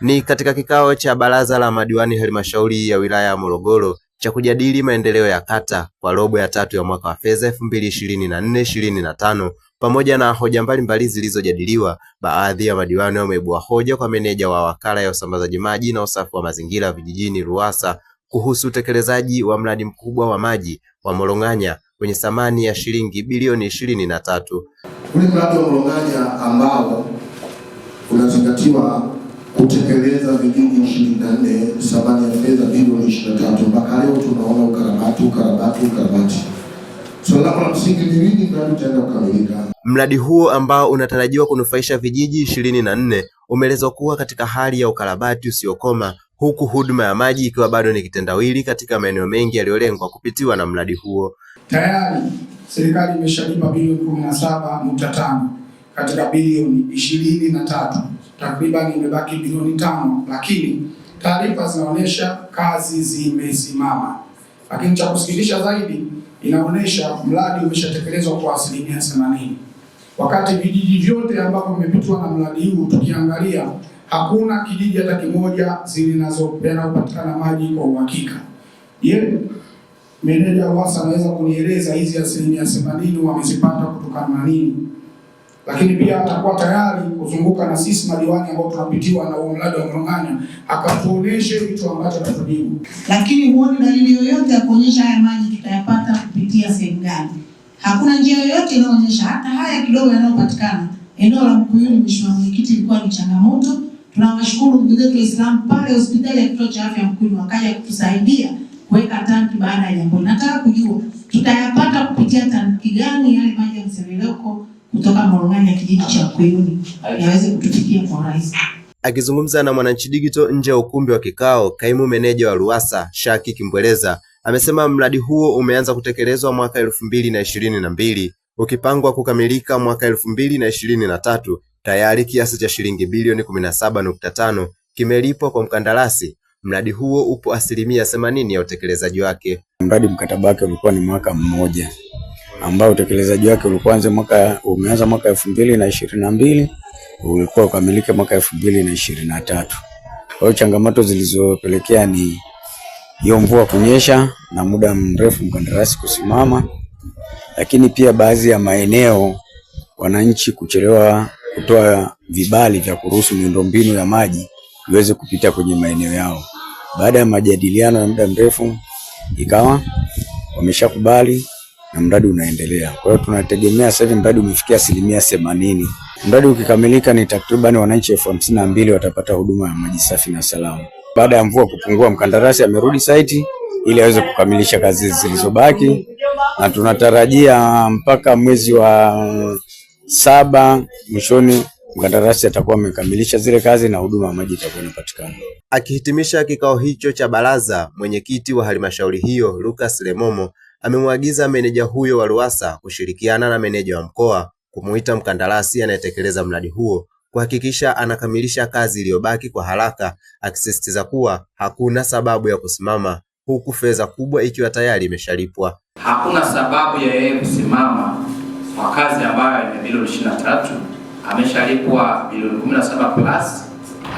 Ni katika kikao cha baraza la madiwani halmashauri ya wilaya ya Morogoro cha kujadili maendeleo ya kata kwa robo ya tatu ya mwaka wa fedha elfu 2025 ishirini ishirini pamoja na hoja mbalimbali zilizojadiliwa. Baadhi ya madiwani wameibua hoja kwa meneja wa wakala ya usambazaji maji na usafi wa mazingira vijijini RUWASA kuhusu utekelezaji wa mradi mkubwa wa maji wa Morong'anya kwenye thamani ya shilingi bilioni ishirini na tatu. Ule mradi wa Morong'anya ambao unazingatiwa kutekeleza vijiji ishirini na nne thamani ya fedha bilioni ishirini na tatu mpaka leo tunaona ukarabati ukarabati ukarabati. Suala la msingi ni nini? Mradi utaenda kukamilika. Mradi huo ambao unatarajiwa kunufaisha vijiji ishirini na nne umeelezwa kuwa katika hali ya ukarabati usiokoma huku huduma ya maji ikiwa bado ni kitendawili katika maeneo mengi yaliyolengwa kupitiwa na mradi huo. Tayari serikali imeshalipa bilioni kumi na saba nukta tano katika bilioni ishirini na tatu, takriban imebaki bilioni tano, lakini taarifa zinaonyesha kazi zimesimama. Lakini cha kusikitisha zaidi, inaonyesha mradi umeshatekelezwa kwa asilimia themanini, wakati vijiji vyote ambavyo vimepitwa na mradi huu tukiangalia hakuna kijiji hata kimoja zinazopatikana maji kwa uhakika. Ye meneja wasa anaweza kunieleza hizi asilimia themanini wamezipata kutokana na nini? lakini pia atakuwa tayari kuzunguka na sisi madiwani ambao tunapitiwa na huo mradi wa Mrong'anya, akatuonyeshe kitu ambacho atatujibu. Lakini huoni dalili yoyote ya kuonyesha haya maji tutayapata kupitia sehemu gani? Hakuna njia yoyote inayoonyesha hata haya kidogo yanayopatikana eneo la Mkuyuni. Mheshimiwa Mwenyekiti, ilikuwa ni changamoto. Tunawashukuru ndugu zetu Waislamu pale hospitali ya kituo cha afya Mkuyuni wakaja kutusaidia kuweka tanki baada ya jambo. Nataka kujua cha yaweze kutufikia kwa urahisi. Akizungumza na Mwananchi Digital nje ya ukumbi wa kikao, kaimu meneja wa Ruwasa Shaki Kimbweleza amesema mradi huo umeanza kutekelezwa mwaka elfu mbili na ishirini na mbili ukipangwa kukamilika mwaka elfu mbili na ishirini na tatu tayari kiasi cha shilingi bilioni kumi na saba nukta tano kimelipwa kwa mkandarasi. Mradi huo upo asilimia themanini ya utekelezaji wake. Mradi mkataba wake ulikuwa ni mwaka mmoja ambao utekelezaji wake ulikuanza mwaka umeanza mwaka elfu mbili na ishirini na mbili ulikuwa ukamilike mwaka elfu mbili na ishirini na tatu. Kwa hiyo changamoto zilizopelekea ni hiyo mvua kunyesha na muda mrefu mkandarasi kusimama, lakini pia baadhi ya maeneo wananchi kuchelewa kutoa vibali vya kuruhusu miundombinu ya maji iweze kupita kwenye maeneo yao. Baada ya majadiliano ya muda mrefu, ikawa wameshakubali na mradi unaendelea. Kwa hiyo tunategemea sasa hivi mradi umefikia asilimia themanini. Mradi ukikamilika, ni takriban wananchi elfu hamsini na mbili watapata huduma ya maji safi na salama. Baada ya mvua kupungua, mkandarasi amerudi saiti ili aweze kukamilisha kazi zilizobaki, na tunatarajia mpaka mwezi wa saba mwishoni mkandarasi atakuwa amekamilisha zile kazi na huduma ya maji itakuwa inapatikana. Akihitimisha kikao hicho cha baraza, mwenyekiti wa halmashauri hiyo Lucas Lemomo amemwagiza meneja huyo wa RUWASA kushirikiana na meneja wa mkoa kumuita mkandarasi anayetekeleza mradi huo kuhakikisha anakamilisha kazi iliyobaki kwa haraka, akisisitiza kuwa hakuna sababu ya kusimama, huku fedha kubwa ikiwa tayari imeshalipwa. Hakuna sababu ya yeye kusimama kwa kazi ambayo ni bilioni 23, ameshalipwa bilioni 17 plus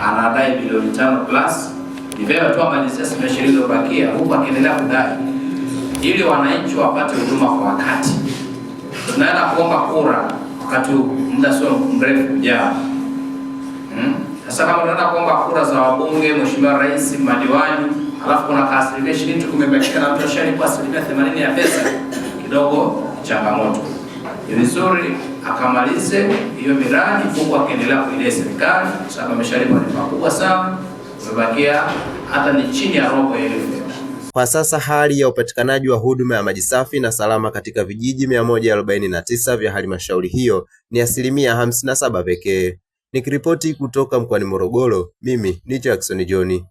anadai bilioni 5 plus, ni vyema tu amalizia asilimia ishirini iliyobakia huku akiendelea kudai ili wananchi wapate huduma kwa wakati. Tunaenda kuomba kura wakati muda sio mrefu ujao. Hmm? Sasa kama tunaenda kuomba kura za wabunge, mheshimiwa rais, madiwani, alafu kuna kaasilimia ishirini tu na mtu ashalipwa asilimia themanini ya pesa, kidogo changamoto. Ni vizuri akamalize hiyo miradi huku akiendelea kuidai serikali, kwa sababu ameshalipa ni makubwa sana, umebakia hata ni chini ya robo ya elfu kwa sasa hali ya upatikanaji wa huduma ya maji safi na salama katika vijiji 149 vya halmashauri hiyo ni asilimia 57 pekee. Nikiripoti kutoka mkoani Morogoro, mimi ni Jackson John.